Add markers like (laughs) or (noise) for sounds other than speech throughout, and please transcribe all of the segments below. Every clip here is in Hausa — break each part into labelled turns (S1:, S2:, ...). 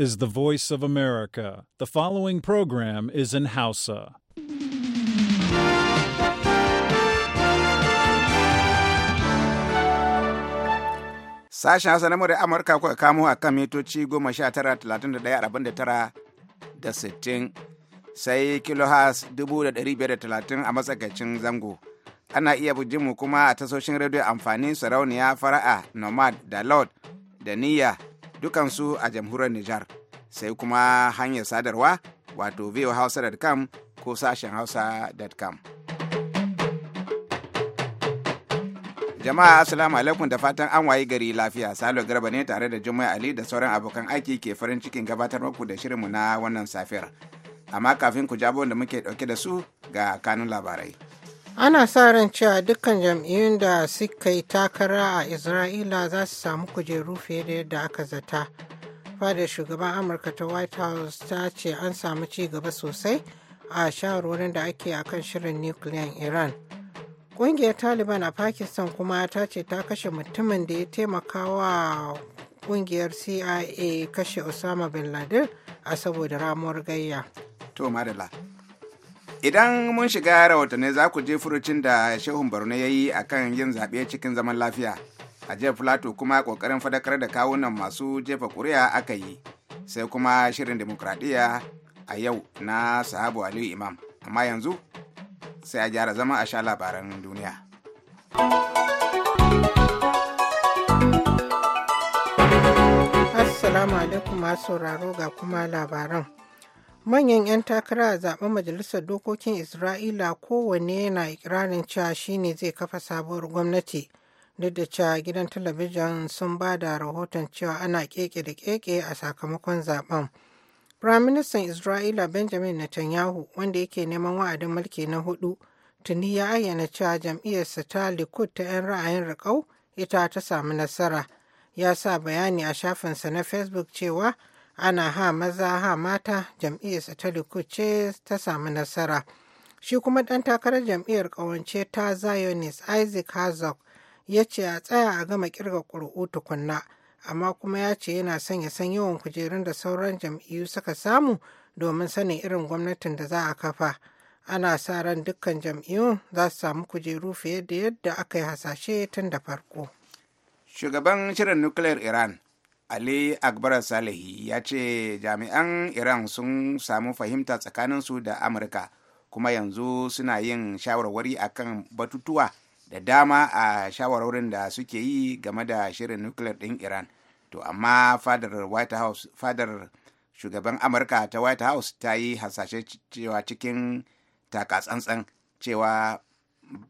S1: is the voice of America. The following program is in Hausa.
S2: Sashen Hausa na da Amurka kuka kamo a kan mitoci 19,31,49 da 60 sai kilohas 530 a matsakaicin zango. Ana iya mu kuma a tasoshin rediyo amfani sarauniya fara'a nomad da lord da niyya dukansu a jamhuriyar Nijar, sai kuma hanyar sadarwa wato voahausa.com ko sashen hausa.com. Jama'a Assalamu alaikum da fatan an wayi gari lafiya Salo Garba ne tare da Jummai Ali da sauran abokan aiki ke farin cikin gabatar muku da shirinmu na wannan safiyar. Amma kafin ku jabo da muke dauke da su ga kanun labarai.
S3: ana sa ran cewa dukkan jam'iyyun da suka yi takara a isra'ila za su samu kujeru fiye da yadda aka zata fadar shugaban amurka ta white house ta ce an samu ci gaba sosai a shawarwarin da ake a kan shirin nukiliyan iran ƙungiyar taliban a pakistan kuma ta ce ta kashe mutumin da ya taimaka wa ƙungiyar cia kashe osama bin laden a saboda ramuwar gayya
S2: Idan mun shiga rahotanni za ku je furucin da Shehun Barno ya yi a kan yin zaɓe cikin zaman lafiya. A jiya Filato kuma ƙoƙarin fadakar da kawunan masu jefa ƙuri'a aka yi, sai kuma shirin demokradiyya a yau na Sahabu Aliyu Imam. Amma yanzu sai a gyara zama a sha labaran duniya.
S3: Assalamu alaikum masu sauraro ga kuma labaran. manyan 'yan takara a zaben majalisar dokokin isra'ila kowanne yana ikirarin cewa shine zai kafa sabuwar gwamnati duk da cewa gidan talabijin sun ba da rahoton cewa ana keke da keke a sakamakon zaben firaministan isra'ila benjamin netanyahu wanda yake neman wa'adin mulki na hudu tuni ya ayyana cewa jam'iyyarsa ta likud ta 'yan ra'ayin rikau ita ta samu nasara ya sa bayani a shafinsa na facebook cewa ana ha maza ha mata jam'iyyarsa ta likuce ta samu nasara shi kuma ɗan takarar jam'iyyar ƙawance ta Zionis, isaac herzog ya ce a tsaya a gama kirga ƙuri'u tukunna amma kuma ya ce yana son ya san yawan kujerun da sauran jam'iyyu suka samu domin sanin irin gwamnatin da za a kafa ana sa ran dukkan jam'iyyun za su samu kujeru fiye da yadda aka yi hasashe tun da farko
S2: shugaban shirin nukiliyar iran ali akbar salihi ya ce jami'an iran sun samu fahimta tsakaninsu da amurka kuma yanzu suna yin shawarwari akan batutuwa da dama a shawarwarin da suke yi game da shirin nukiliyar ɗin iran to amma fadar white house fadar shugaban amurka ta white house ta yi hasashe cewa cikin takatsantsan cewa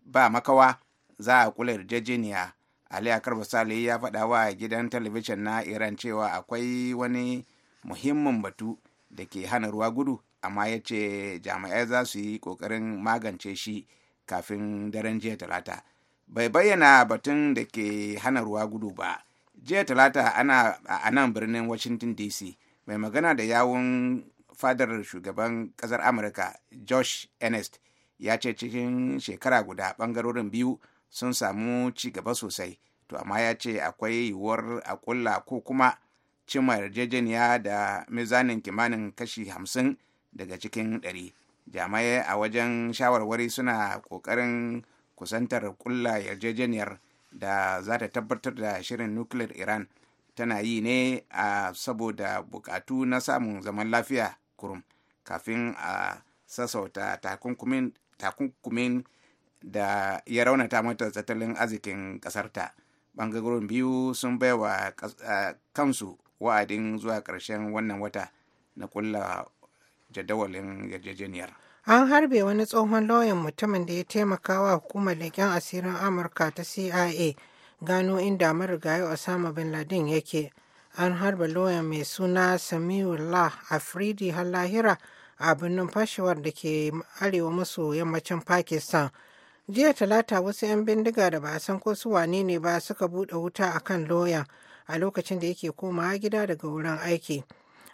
S2: ba makawa za a kula da ali akar ya faɗa wa gidan talabijin na iran cewa akwai wani muhimmin batu da ke hana ruwa gudu amma ya ce jami'ai za su yi ƙoƙarin magance shi kafin daren jiya talata bai bayyana batun da ke hana ruwa gudu ba jiya talata ana a nan birnin washington dc mai magana da yawun fadar shugaban kasar amurka josh ernest ya ce cikin shekara guda bangarorin biyu sun samu ci gaba sosai to amma ya ce akwai yiwuwar a kulla ko kuma cima yarjejeniya da mizanin kimanin kashi hamsin daga cikin ɗari jami'ai a wajen shawarwari suna ƙoƙarin kusantar kulla yarjejeniyar da za ta tabbatar da shirin nuclear iran tana yi ne a saboda bukatu na samun zaman lafiya kurum kafin a sassauta takunkumin da ya raunata mata tattalin arzikin ƙasarta bangarorin biyu sun bai wa kansu wa'adin zuwa ƙarshen wannan wata na kulla jadawalin yarjejeniyar
S3: an harbe wani tsohon lauyan mutumin da ya taimaka wa hukumar leƙen asirin amurka ta cia gano inda marigayi osama bin laden yake an harba lauyan mai suna samiullah afridi har a birnin fashewar da ke arewa maso yammacin pakistan jiya talata wasu 'yan bindiga da ba a san ko su wane ne ba suka buɗe wuta a kan loya a lokacin da yake komawa gida daga wurin aiki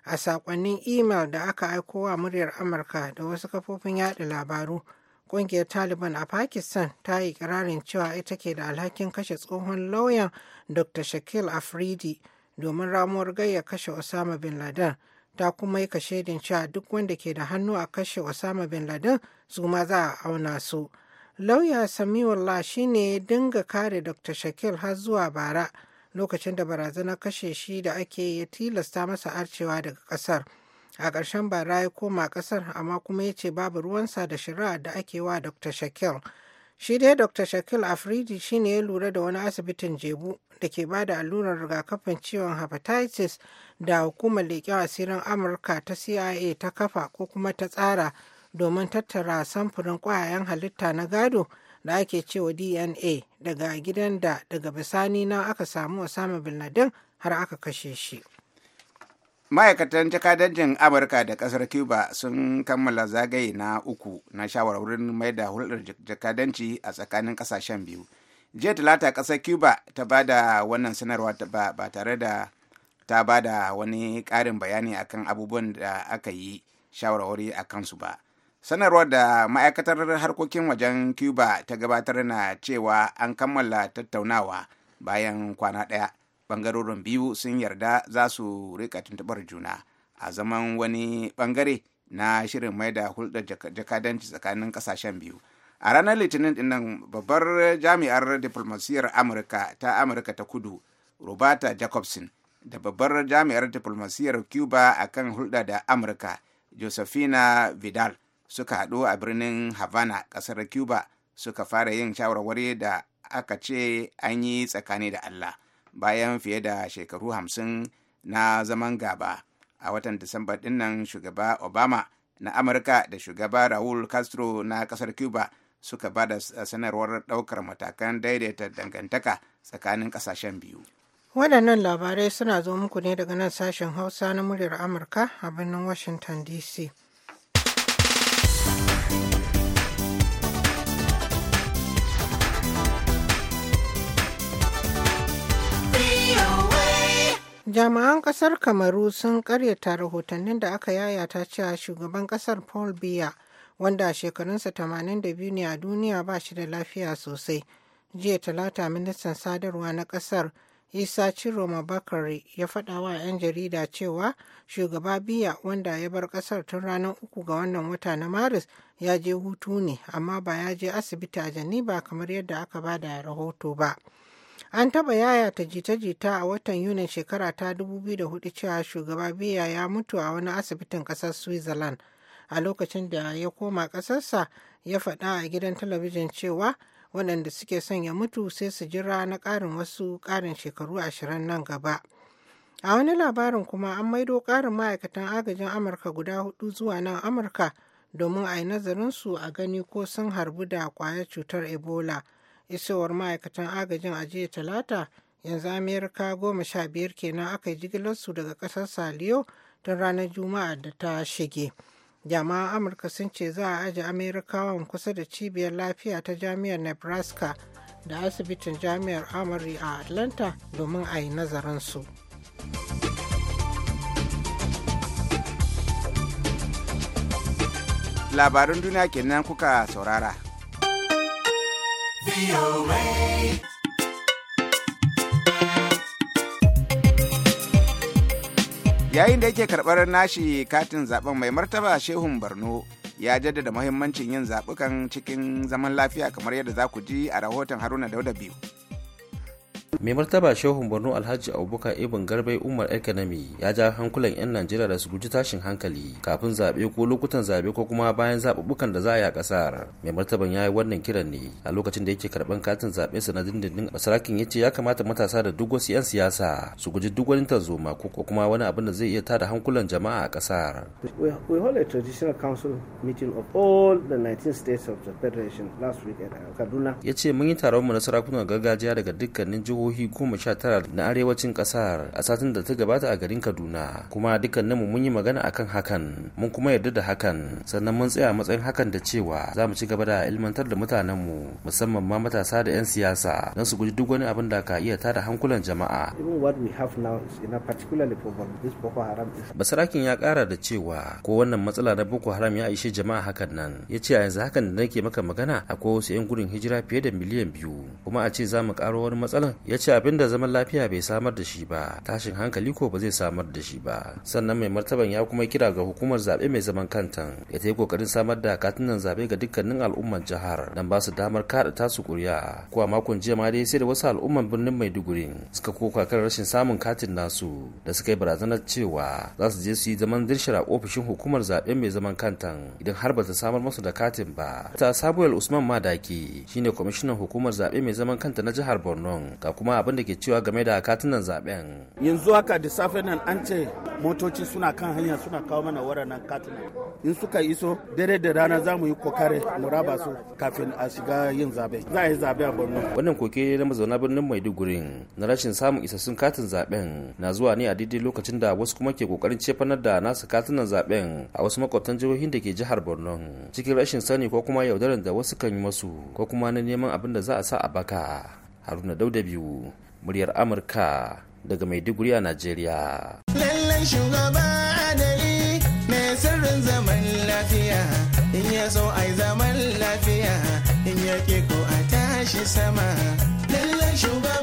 S3: a sakonnin imel da aka aiko wa muryar amurka da wasu kafofin yada labaru kungiyar taliban a pakistan ta yi kirarin cewa ita ke da alhakin kashe tsohon lauyan dr shakil afridi domin ramuwar gayya kashe osama bin laden ta kuma yi kashe cewa duk wanda ke da hannu a kashe osama bin laden su ma za a auna su. lauya samiwalla shine ya dinga kare dr shakil har zuwa bara lokacin da barazanar kashe shi da ake ya tilasta masa arcewa daga kasar a ƙarshen bara ya koma kasar amma kuma ya ce babu ruwansa da shari'a da ake wa dr shakil shi dai dr shakil afridi ne ya lura da wani asibitin jebu da ke ba da allurar rigakafin ciwon hepatitis da hukumar leƙen asirin amurka ta cia ta kafa ko kuma ta tsara domin tattara samfurin kwayayen halitta na gado da ake cewa dna daga gidan da daga bisani na aka samu osama bin laden har aka kashe shi
S2: ma'aikatan jakadancin amurka da kasar cuba sun kammala zagaye na uku na shawarwarin mai da hulɗar jakadanci a tsakanin ƙasashen biyu jiya talata ƙasar cuba ta ba da wannan sanarwa ba tare da ta ba da wani ƙarin bayani akan abubuwan da aka yi shawarwari a kansu ba sanarwar da ma'aikatar harkokin wajen cuba ta gabatar na cewa an kammala tattaunawa bayan kwana ɗaya bangarorin biyu sun yarda za su rika tuntubar juna a zaman wani bangare na shirin mai da hulɗar jakadanci tsakanin ƙasashen biyu a ranar litinin dinnan babbar jami'ar diplomasiyar amurka ta amurka ta kudu roberta jacobson da babbar jami'ar diplomasiyar cuba kan hulɗa da amurka josephina vidal suka haɗu a birnin havana ƙasar cuba suka fara yin shawarwari da aka ce an yi tsakani da allah bayan fiye da shekaru hamsin na zaman gaba a watan disamba dinnan shugaba obama na amurka da shugaba raul castro na ƙasar cuba suka ba da sanarwar ɗaukar matakan daidaita dangantaka tsakanin ƙasashen biyu
S3: waɗannan labarai suna zo muku ne daga nan sashen hausa na muryar amurka a birnin washington dc jami'an kasar kamaru sun karyata rahotannin da aka yayata cewa shugaban kasar paul biya wanda shekarunsa 82 ne a duniya ba shi da lafiya sosai jiya talata ministan sadarwa na kasar isa ciroma bakari ya faɗa wa 'yan jarida cewa shugaba biya wanda ya bar kasar tun ranar uku ga wannan wata na maris ya je hutu ne amma ba ya je asibiti a ba kamar yadda aka ba da rahoto ba. An taɓa ta jita-jita a watan Yunin shekara ta 2004 cewa shugaba Biya ya mutu a wani asibitin ƙasar Switzerland. A lokacin da ya koma ƙasarsa ya faɗa a gidan talabijin cewa waɗanda suke son ya mutu sai su jira na ƙarin wasu ƙarin shekaru ashirin nan gaba. A wani labarin kuma an maido ƙarin ma'aikatan agajin Amurka guda hudu zuwa nan Amurka domin a yi su a gani ko sun harbu da kwayar cutar Ebola. isowar ma'aikatan agajin a jiya talata yanzu amerika goma sha biyar kenan aka yi jigilarsu daga kasar saliyo don ranar juma'a da ta shige jama'an amurka sun ce za a aje amerikawan kusa da cibiyar lafiya ta jami'ar nebraska da asibitin jami'ar amari a atlanta domin a yi nazarinsu
S2: labarin duniya kenan kuka saurara yayin da yake karɓar nashi katin zaɓen mai martaba shehun borno ya jaddada muhimmancin yin zaɓukan cikin zaman lafiya kamar yadda za ku ji a rahoton haruna dauda biyu
S4: mai martaba shehun borno alhaji abubakar ibn garbai umar economy ya ja hankulan 'yan najeriya da su guji tashin hankali kafin zaɓe ko lokutan zaɓe ko kuma bayan zaɓuɓɓukan da za a yi a ƙasar mai martaban ya yi wannan kiran ne a lokacin da yake karɓar katin zaɓe sa na dindindin basarakin ya ce ya kamata matasa da duk wasu 'yan siyasa su guji duk wani tarzoma ko kuma wani abin da zai iya tada hankulan jama'a a ƙasar. we hold a traditional council meeting of all the 19 states of the federation last week at kaduna. ya ce mun yi taron mu na sarakunan gargajiya daga dukkanin jihohi jihohi goma sha tara na arewacin kasar a satin da ta gabata a garin kaduna kuma dukkaninmu mun yi magana akan hakan mun kuma yarda da hakan sannan mun tsaya matsayin hakan da cewa za mu ci gaba da ilmantar da mutanenmu musamman ma matasa da 'yan siyasa don su guji duk wani abin da ka iya tada hankulan jama'a basarakin ya kara da cewa ko wannan matsala na boko haram ya ishe jama'a hakan nan ya ce a yanzu hakan da nake maka magana akwai wasu 'yan gudun hijira fiye da miliyan biyu kuma a ce za mu karo wani matsalan ya ce abin da zaman lafiya bai samar da shi ba tashin hankali ko ba zai samar da shi ba sannan mai martaban ya kuma kira ga hukumar zaɓe mai zaman kanta ya ta yi kokarin samar da katunan zaɓe ga dukkanin al'ummar jihar don ba su damar kaɗa tasu ƙuri'a ko a makon jiya ma dai sai da wasu al'umman birnin maiduguri suka koka kan rashin samun katin nasu da suka yi barazanar cewa za su je su yi zaman dirshira ofishin hukumar zaɓe mai zaman kanta idan har ba ta samar masu da katin ba ta sabuwar usman madaki shine kwamishinan hukumar zaɓe mai zaman kanta na jihar borno kuma abin da ke cewa game da katunan zaben yanzu haka da safe nan an ce motoci suna kan hanya suna kawo mana waɗannan katunan. in suka iso dare da rana za mu yi kokare mu raba su kafin a shiga yin zabe za a yi zabe a borno wannan koke na mazauna birnin maiduguri na rashin samun isassun katin zaben na zuwa ne a daidai lokacin da wasu kuma ke kokarin cefanar da nasu katunan zaben a wasu makwabtan jihohin da ke jihar borno cikin rashin sani ko kuma yaudaran da wasu kan yi masu ko kuma na neman abin da za a sa a baka haruna dauda biyu muryar amurka daga maiduguri a najeriya
S3: lallan shugaba adali mai sirrin zaman lafiya in ya so ai zaman lafiya in ya ko a tashi sama lallan shugaba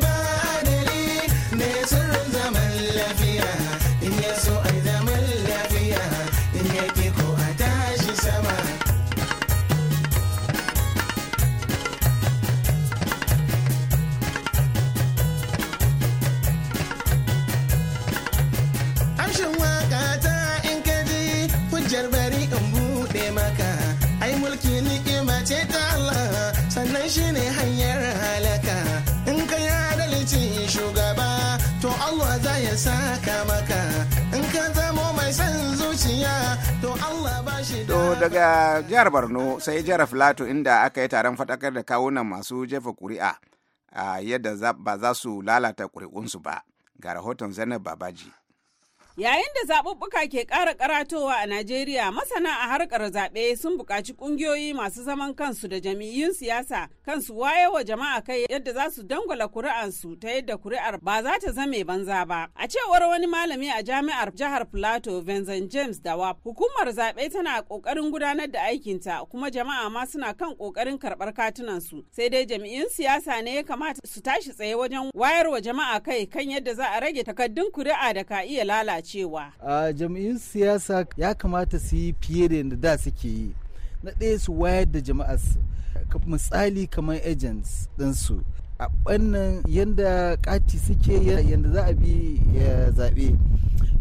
S2: daga jihar borno sai jihar filato inda aka yi taron faɗakar da kawunan masu jefa kuri'a yadda ba za su lalata kuri'unsu ba ga rahoton zainab babaji
S1: Yayin da zaɓuɓɓuka ke ƙara karatowa a Najeriya, masana a harkar zaɓe sun buƙaci ƙungiyoyi masu zaman kansu da jami'in siyasa kansu wayewa jama'a kai yadda za su dangwala kuri'ansu ta yadda kuri'ar ba za ta zame banza ba. A cewar wani malami a jami'ar jihar Plateau, Vincent James Dawa, hukumar zaɓe tana ƙoƙarin gudanar da aikinta kuma jama'a ma suna kan ƙoƙarin karɓar katunansu. Sai dai jami'in siyasa ne ya kamata su tashi tsaye wajen wayarwa jama'a kai kan yadda za a rage takaddun kuri'a da ka iya lalace. cewa
S3: a jam'iyyun siyasa ya kamata su yi fiye da yadda da suke yi na ɗaya su wayar da jama'a misali
S4: kamar agents ɗinsu a ɓannan yadda kati suke yadda
S3: za a bi zaɓe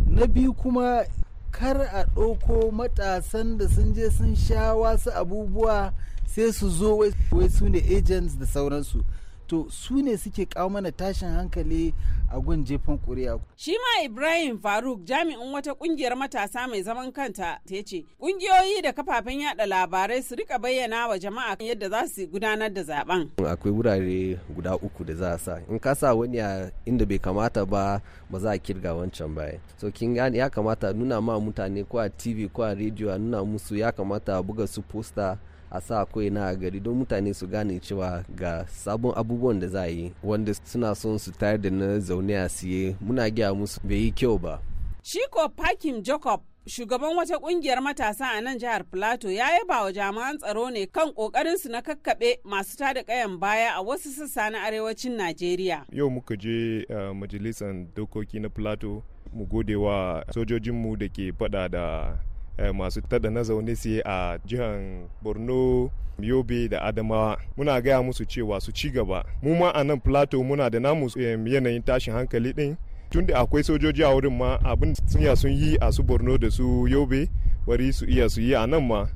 S3: na biyu kuma kar a ɗauko matasan da sun je sun sha wasu abubuwa sai su zo wai su ne agents da sauransu to su ne suke kawo mana tashin hankali a gun jefan kuri'a.
S1: shi ma ibrahim faruk jami'in wata kungiyar matasa mai zaman kanta ta ce kungiyoyi da kafafen yada labarai su rika bayyana wa jama'a yadda za su gudanar da zaben
S4: akwai wurare guda uku da za a sa in ka sa wani a inda bai kamata ba ba za a kirga wancan baya so kin gane ya kamata nuna ma mutane ko a tv ko a rediyo a nuna musu ya kamata a buga su posta a sa ko'ina a gari don mutane su gane cewa ga sabon abubuwan da za a yi wanda suna son su tayar da na zaune a siye muna gaya musu bai yi kyau ba.
S1: chico ko Jacob shugaban wata kungiyar matasa a nan jihar plateau ya yaba wa jami'an tsaro ne kan kokarin su na kakkaɓe masu tada kayan baya a wasu sassa na arewacin najeriya
S4: yau muka je eh, majalisar dokoki na plateau mu gode wa sojojinmu da ke fada da Eh, masu tada na zaune su a jihar borno yobe da adamawa muna gaya musu cewa su ci gaba mu ma a nan plateau muna da namu eh, yanayin tashin hankali din tun da akwai sojoji a wurin ma abin sun sun yi a su borno da su yobe wari su iya su yi a nan ma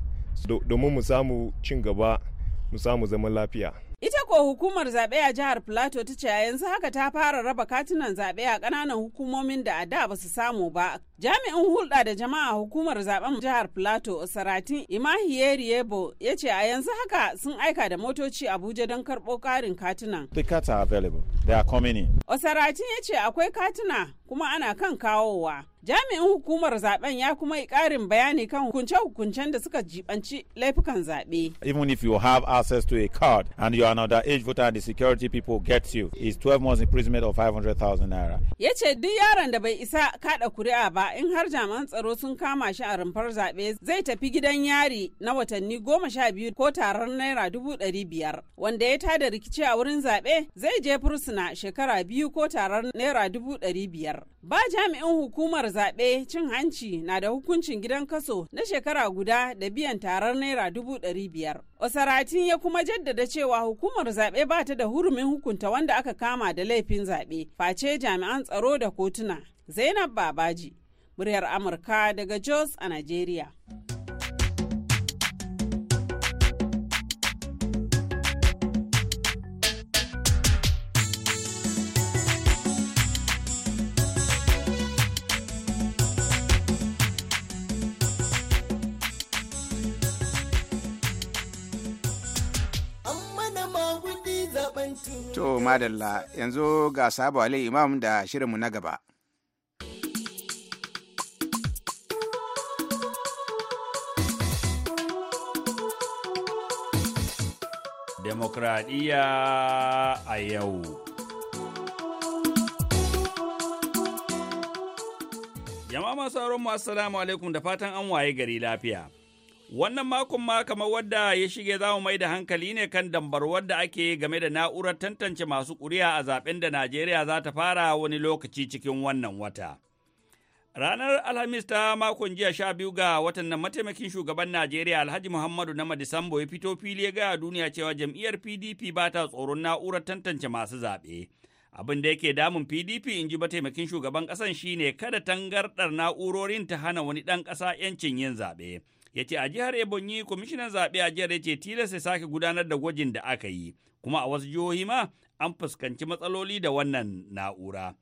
S4: domin mu samu cin gaba mu samu zaman lafiya
S1: Ita ko hukumar zaɓe a jihar Plateau ta ce yanzu haka ta fara raba katunan zaɓe a ƙananan hukumomin da a da ba su samu ba. Jami'in hulɗa da jama'a hukumar zaɓen jihar Plateau Saratin yebo ya ce a yanzu haka sun aika da motoci Abuja don karɓo ƙarin katunan.
S5: The cards available. They are coming in.
S1: Osaratin ya ce akwai katuna kuma ana kan kawowa. Jami'in hukumar zaben ya kuma yi ƙarin bayani kan hukunce-hukuncen da suka jibanci laifukan zaɓe.
S5: Even if you have access to a card and you are an underage voter and the security people get you, is 12 months imprisonment of 500,000 naira.
S1: Ya ce duk yaron da bai isa kaɗa kuri'a ba in har jami'an tsaro sun kama shi a rumfar zaɓe zai tafi gidan yari na watanni goma sha biyu ko tarar naira dubu ɗari biyar. Wanda ya tada rikici a wurin zabe zai je fursuna shekara biyu ko tarar naira dubu ɗari biyar. jihar. Ba jami'in hukumar zaɓe cin hanci na da hukuncin gidan kaso na shekara guda da biyan tarar naira dubu ɗari biyar. Osaratin ya kuma jaddada cewa hukumar zaɓe ba ta da hurumin hukunta wanda aka kama da laifin zaɓe, face jami'an tsaro da kotuna. Zainab Babaji, muryar Amurka daga Jos a Najeriya.
S2: madalla yanzu ga sabo alai imam da shirinmu na gaba.
S6: Demokradiyya a yau. Jama'a masu masu salamu alaikum da fatan an waye gari lafiya. Wannan makon ma kamar wadda ya shige za mu mai da hankali ne kan dambarwar da ake game da na'urar tantance masu ƙuri'a a zaben da Najeriya za ta fara wani lokaci cikin wannan wata. Ranar Alhamis ta makon jiya sha biyu ga watan nan mataimakin shugaban Najeriya Alhaji Muhammadu na Madisambo ya fito fili ya gaya duniya cewa jam'iyyar PDP ba ta tsoron na'urar tantance masu zaɓe. Abin da yake damun PDP in ji mataimakin shugaban ƙasan shine kada tangardar na'urorin ta hana wani ɗan ƙasa 'yancin yin zaɓe. ya ce a jihar Ebonyi kwamishinan zaɓe a jihar ya ce tilas ya sake gudanar da gwajin da aka yi kuma a wasu jihohi ma an fuskanci matsaloli da wannan na'ura.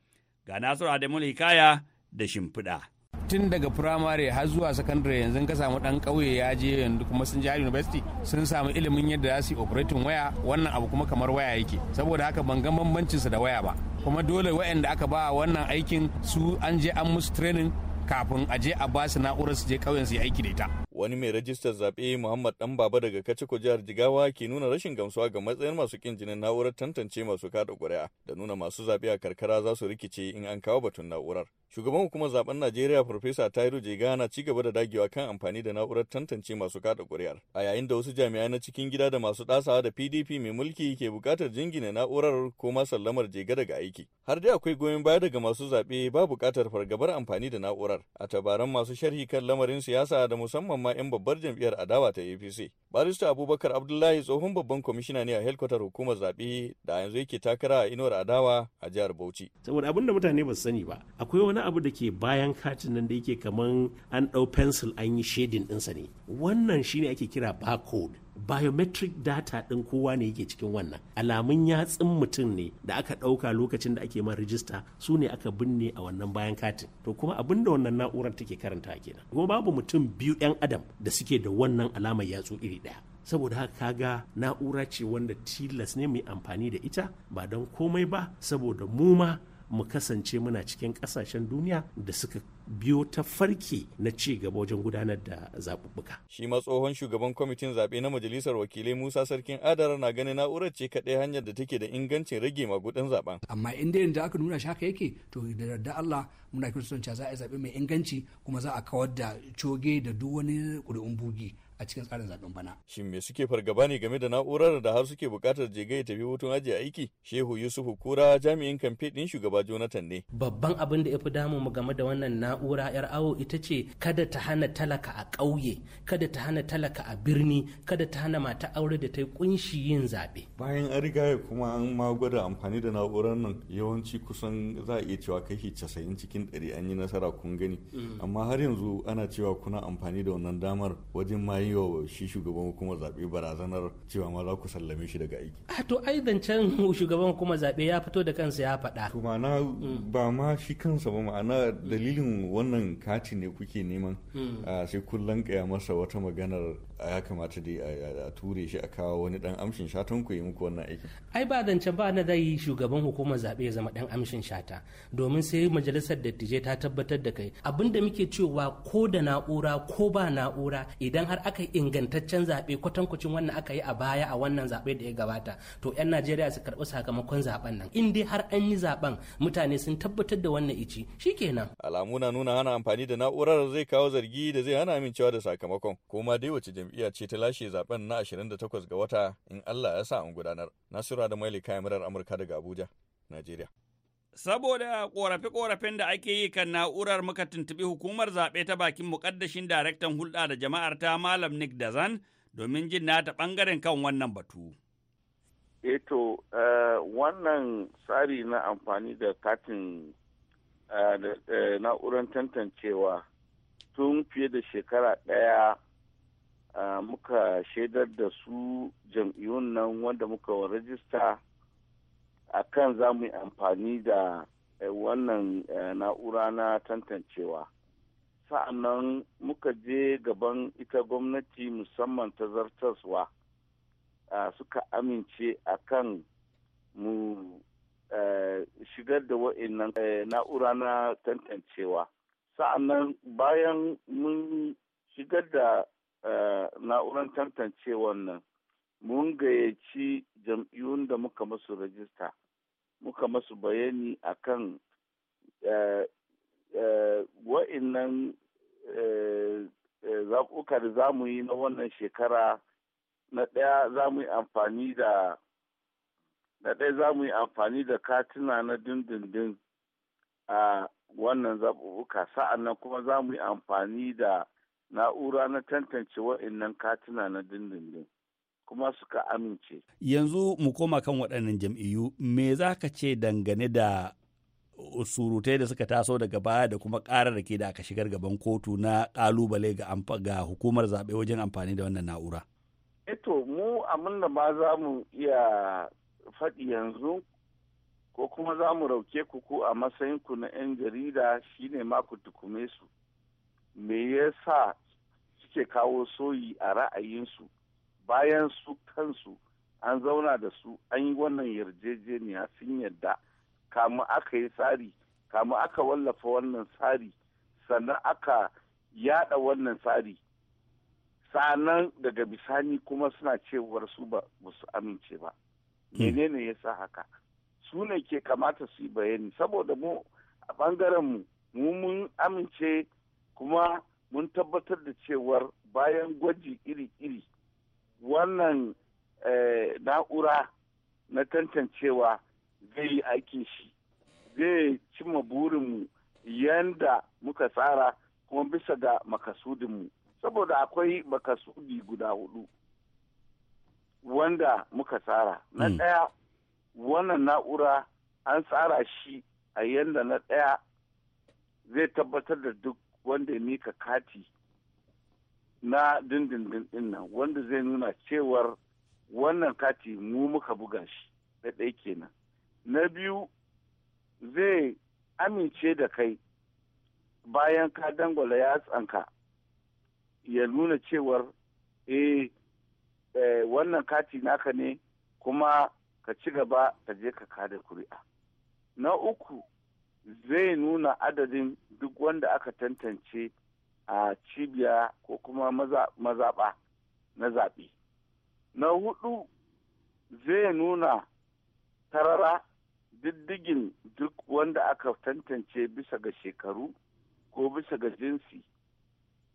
S6: Ga Nasiru Adamu Hikaya da Shimfiɗa.
S4: Tun daga firamare har zuwa sakandare yanzu ka samu ɗan ƙauye ya je yanzu kuma sun je university sun samu ilimin yadda za su yi operating waya wannan abu kuma kamar waya yake saboda haka ban ga bambancin bambancinsa da waya ba kuma dole wayanda aka ba wannan aikin su an je an musu training kafin a je a ba su na'urar su je ƙauyen su yi aiki da
S7: ita. wani mai rajistar zaɓe Muhammad Dan Baba daga Kaciko jihar Jigawa ke nuna rashin gamsuwa ga matsayin masu kin jinin na'urar tantance masu kada ƙuri'a da nuna masu zaɓe a karkara za su rikice in an kawo batun na'urar. Shugaban hukumar zaben Najeriya Farfesa Tairu Jega na ci gaba da dagewa kan amfani da na'urar tantance masu kada ƙuri'ar. A yayin da wasu jami'ai na cikin gida da masu ɗasawa da PDP mai mulki ke buƙatar jingina na'urar ko ma sallamar Jega daga aiki. Har dai akwai goyon baya daga masu zaɓe ba buƙatar fargabar amfani da na'urar. A tabaran masu sharhi kan lamarin siyasa da musamman ma 'yan babbar jam'iyyar adawa ta APC. Barista Abubakar Abdullahi tsohon babban kwamishina ne a helkwatar hukumar zaɓe da yanzu yake takara a inuwar adawa a jihar Bauchi. Saboda abin
S4: da mutane ba su sani ba, akwai wani abu da ke bayan katin nan da yake kaman an ɗau pencil an yi shedin ɗinsa ne. Wannan shine ake kira barcode. biometric data ɗin kowa ne yake cikin wannan alamun yatsun mutum ne da aka ɗauka lokacin da ake man rijista su ne aka binne a wannan bayan katin to kuma abin da wannan na'urar take karanta kenan kuma babu mutum biyu 'yan adam da suke da wannan alamar yatsu iri ɗaya saboda haka kaga na'ura ce wanda tilas ne mai amfani da ita ba don komai ba saboda mu ma mu kasance muna cikin kasashen duniya da suka biyo ta farki na ci gaba wajen gudanar da
S7: zaɓuɓɓuka. Shi ma tsohon shugaban kwamitin zaɓe na majalisar wakilai Musa Sarkin adar na ganin na'urar ce kaɗai hanyar da take da ingancin rage magudan zaɓen.
S6: Amma in dai da aka nuna shi haka yake to da yarda Allah muna kirtan za a yi zaɓe mai inganci kuma za a kawar da coge da duk wani ƙuri'un bugi. a cikin tsarin zaben bana.
S7: Shin me suke fargaba ne game da na'urar da har suke buƙatar jigai ta tafi hutun ajiye aiki? Shehu Yusufu Kura jami'in kamfe ɗin shugaba Jonathan ne.
S4: Babban abin da ya fi damu mu game da wannan na'ura 'yar awo ita ce kada ta hana talaka a ƙauye, kada ta hana talaka a birni, kada ta hana mata aure da ta yi kunshi yin zaɓe.
S7: Bayan an riga kuma an ma gwada amfani da na'urar nan yawanci kusan za a iya cewa kashi casa'in cikin ɗari an yi nasara kun gani. Mm. Amma har yanzu ana cewa kuna amfani da wannan damar wajen ma bayan yi wa shi shugaban hukumar zaɓe barazanar cewa ma za ku sallame shi daga aiki.
S4: A ah, to ai zancen (laughs) shugaban hukumar zaɓe ya fito da kansa ya faɗa. To
S7: ma'ana ba ma shi kansa ba ma'ana dalilin wannan kati ne kuke neman hmm. ah, sai kun ƙaya masa wata maganar ya kamata dai a ture shi a kawo wani dan amshin shatan ku yi muku wannan aiki.
S4: ai ba zance ba na zai shugaban hukumar zaɓe ya zama dan amshin shata domin sai majalisar dattijai ta tabbatar da kai abin da muke cewa ko da na'ura ko ba na'ura idan har aka yi ingantaccen zaɓe kwatankwacin wannan aka yi a baya a wannan zaɓe da ya gabata to 'yan najeriya su karɓi sakamakon zaɓen nan in dai har an yi zaɓen mutane sun tabbatar da wannan ici shikenan
S7: alamu na nuna hana amfani da na'urar zai kawo zargi da zai hana amincewa da sakamakon ko ma dai wace jam'iyyar ce ta lashe zaben na 28 ga wata in Allah ya sa an gudanar. Nasura da Maili kamarar Amurka daga Abuja, Najeriya. Saboda ƙorafe
S6: korafen da ake yi kan na'urar muka tuntubi hukumar zaɓe ta bakin muƙaddashin daraktan hulɗa da jama'ar ta Malam Nick Dazan domin jin nata ɓangaren kan wannan batu.
S5: Eto, eh eh, wannan tsari na amfani da katin eh, na'urar tantancewa tun fiye da shekara ɗaya muka shaidar da su jam'iyyun nan wanda muka rajista a kan za mu yi amfani da eh, wannan eh, na'ura na tantancewa sa'annan muka je gaban ita gwamnati musamman ta zartaswa suka amince a kan mu eh, shigar da wa'annan na'ura na tantancewa sa'annan bayan mun shigar da Eh, na'urar tantance wannan mun gayyaci jam'iyyun da muka masu rajista muka masu bayani akan eh, eh, wa'innan zaɓuka da za mu yi na wannan shekara na ɗaya za mu yi amfani da na ɗaya za mu yi amfani da katina na dindindin a wannan zaɓuɓɓuka sa'an nan kuma za mu yi amfani da na'ura na tantance wa'annan katuna na dindindin kuma suka amince.
S6: Yanzu mu koma kan waɗannan jam'iyyu me za ka ce dangane da surutai da suka taso daga baya da kuma ƙarar da ke da aka shigar gaban kotu na ƙalubale ga hukumar zaɓe wajen amfani da wannan na'ura.
S5: Eto mu amin da ma za mu iya faɗi yanzu ko kuma za mu rauke ku ku a matsayinku na 'yan jarida shine ma ku tukume su. me ya sa suke kawo soyi a ra'ayinsu bayan su kansu an zauna da su an yi wannan yarjejeniya sun yadda kamu aka yi tsari kamu aka wallafa wannan tsari sannan aka yada wannan tsari sannan daga bisani kuma suna cewar su ba su amince ba hmm. menene ya sa haka su ne ke kamata su yi bayani saboda mu a bangaren mu mun amince kuma mun tabbatar da cewar bayan gwaji iri-iri wannan eh, na'ura na tantancewa zai yi aikin shi zai cimma burinmu yanda muka tsara kuma bisa ga makasudinmu saboda akwai makasudi guda hudu wanda muka tsara na hmm. ɗaya wannan na'ura an tsara shi a yanda na ɗaya zai tabbatar da duk wanda ya mika kati na dindindin din nan wanda zai nuna cewar wannan kati mu muka buga shi da ɗaya kenan na biyu zai amince da kai bayan ka dangwala ya tsanka ya nuna cewar eh, eh wannan kati naka ne kuma ka ci gaba ka je ka kada kuri'a na uku zai nuna adadin duk wanda aka tantance a cibiya ko kuma mazaɓa na zaɓe. Na hudu zai nuna tarara diddigin duk wanda aka tantance bisa ga shekaru ko bisa ga jinsi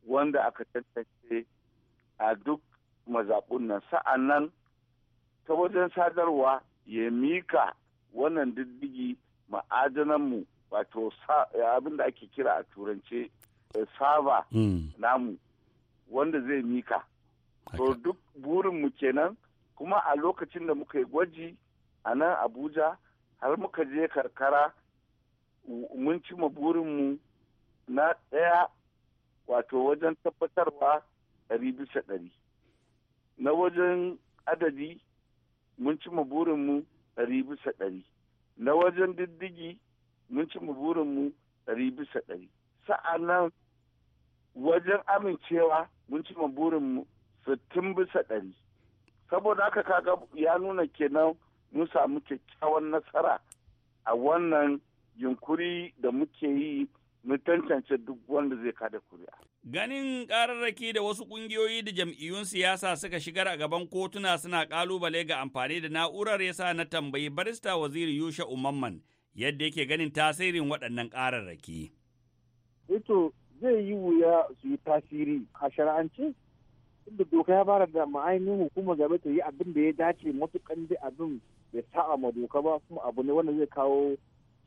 S5: wanda aka tantance a duk mazaɓun nan sa'an nan ta wajen sadarwa ya mika wannan diddigi ma'adananmu wato abin da ake kira a turance eh, sava hmm. namu wanda zai mika to duk burinmu kenan kuma a lokacin da muka yi gwaji a nan abuja har muka je karkara mun cima burinmu na ɗaya wato wajen tabbatarwa ɗari bisa ɗari na wajen adadi mun cima burinmu ɗari bisa ɗari na wajen diddigi mun ci mu burinmu ɗari bisa ɗari nan wajen amincewa mun ci mu burinmu sittin bisa ɗari saboda haka kaga ya nuna kenan mun samu kyakkyawan nasara a wannan yunkuri da muke yi mu tantance duk wanda zai kada kuri'a.
S6: Ganin ƙararraki da wasu ƙungiyoyi da jam'iyyun siyasa suka shigar a gaban kotuna suna ƙalubale ga amfani da na'urar yasa na tambayi barista waziri Yusha Umamman yadda yake ganin tasirin waɗannan ƙararraki.
S5: Ito zai yi wuya su yi tasiri a shari'ance inda doka ya fara da ma'ainihin hukuma game ta yi abin da ya dace matukan da abin bai ta ma doka ba kuma abu ne wanda zai kawo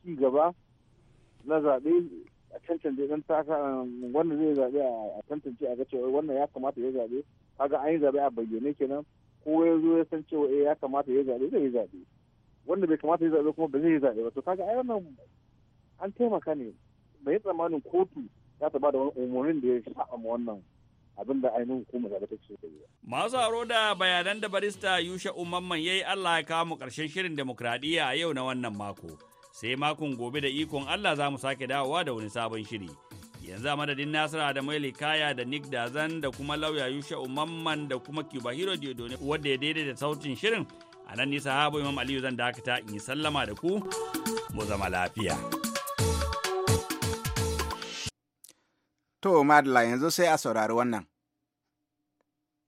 S5: ci gaba na zaɓe a cancanci dan taka wanda zai zaɓe a cancanci a ga cewa wannan ya kamata ya zaɓe kaga an yi zaɓe a bayyane kenan ko ya zo ya san cewa eh, ya kamata ya zaɓe zai yi zaɓe. wanda bai kamata ya zaɓe kuma ba zai yi zaɓe ba to kaga ai wannan an taimaka ne bai tsammanin kotu ya ta ba da wani umarnin da ya shafa ma wannan abin da ainihin hukumar da ta ce
S6: Masu haro da bayanan da barista Yusha Umamman ya yi Allah ya kawo mu ƙarshen shirin demokradiyya a yau na wannan mako. Sai makon gobe da ikon Allah za mu sake dawowa da wani sabon shiri. Yanzu a madadin Nasira da Maili Kaya da Nick Dazan da kuma lauya Yusha Umamman da kuma Cuba Hero Diodone wadda ya daidaita sautin shirin a nan nisa habu imam aliyu zan dakata in yi sallama da ku mu zama lafiya
S2: to madala yanzu sai a saurari wannan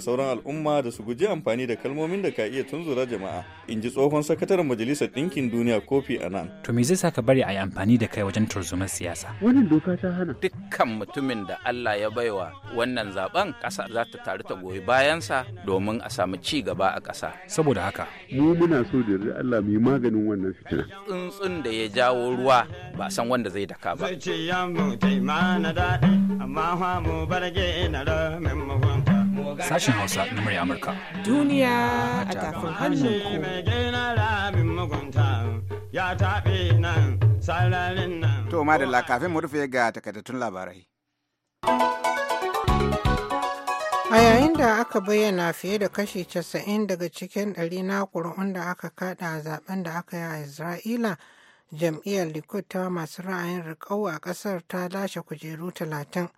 S7: da sauran al'umma da su guji amfani da kalmomin da ka iya tunzura jama'a in ji tsohon sakataren majalisar ɗinkin duniya kofi a nan.
S6: to me zai sa ka bari a yi amfani da kai wajen turzumar
S4: siyasa
S1: wannan doka
S7: ta hana dukkan mutumin da allah ya baiwa wannan zaben ƙasa
S4: za ta taru ta goyi bayansa domin a samu ci gaba a ƙasa
S1: saboda haka mu muna
S4: so da allah mu maganin wannan fitina tsuntsun da ya jawo ruwa ba san wanda zai daka ba zai ce yamu na daɗi amma mu barge na ramin
S6: mugunta Sashen Hausa na murya Amurka.
S3: Duniya a tafin hannunku.
S2: Ya taɓe nan, sararin nan. To, madalla kafin mu rufe ga takaitattun labarai.
S3: A yayin da aka bayyana fiye da kashi 90 daga cikin ɗari na ƙuri'un da aka kada a zaben da aka yi a Isra'ila, jam'iyyar Likud ta masu ra'ayin rikau a ƙasar ta lashe kujeru talatin.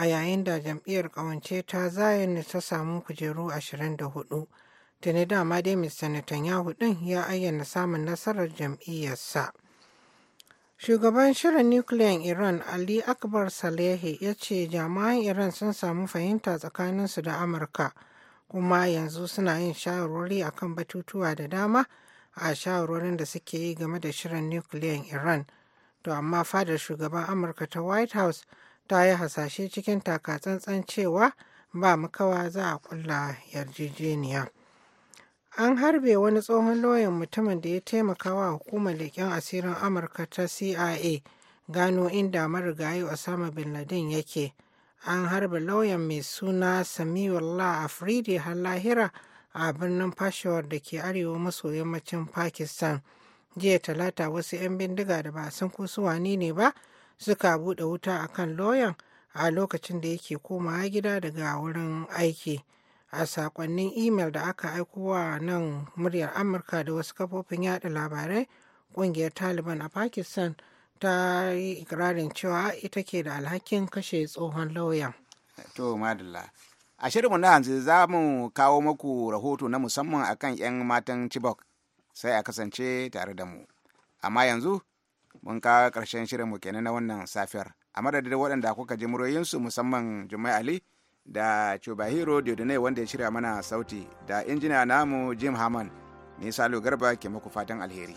S3: a yayin da jam'iyyar ƙawance ta zayyana ta samu kujeru 24 tuni dama dai mr netanyahu din ya ayyana samun nasarar jam'iyyarsa shugaban shirin nukiliyan iran ali akbar salehi ya ce jami'an iran sun samu fahimta tsakaninsu da amurka kuma yanzu suna yin shawarwari akan batutuwa da dama a shawarwarin da suke yi game da shirin nukiliyan iran to amma fadar shugaban amurka ta white house ta yi hasashe cikin takatsantsan cewa ba makawa za a kulla yarjejeniya. An harbe wani tsohon lauyan mutumin da ya taimaka wa hukumar leƙen asirin Amurka ta CIA gano inda marigayi Osama Bin Laden yake. An harbe lauyan mai suna Samiullah Afridi har lahira a birnin fashewar da ke arewa maso yammacin Pakistan. Jiya talata wasu 'yan bindiga da ba a san ne ba suka buɗe wuta a kan lauyan a lokacin da yake komawa gida daga wurin aiki a sakonnin imel da aka aiko wa nan muryar amurka da wasu kafofin yada labarai kungiyar taliban a pakistan ta yi ikirarin cewa ita ke da alhakin kashe tsohon lauyan
S2: to madalla a shirinmu na hanzu za mu kawo maku rahoto na musamman akan 'yan matan chibok sai a kasance tare da mu amma yanzu mun kawo ƙarshen shirinmu kenan na wannan safiyar a madadin waɗanda kuka ji muryoyinsu musamman juma'a ali da chubahiro diodone wanda ya shirya mana sauti da injina namu jim haman ni salo garba ke muku fatan alheri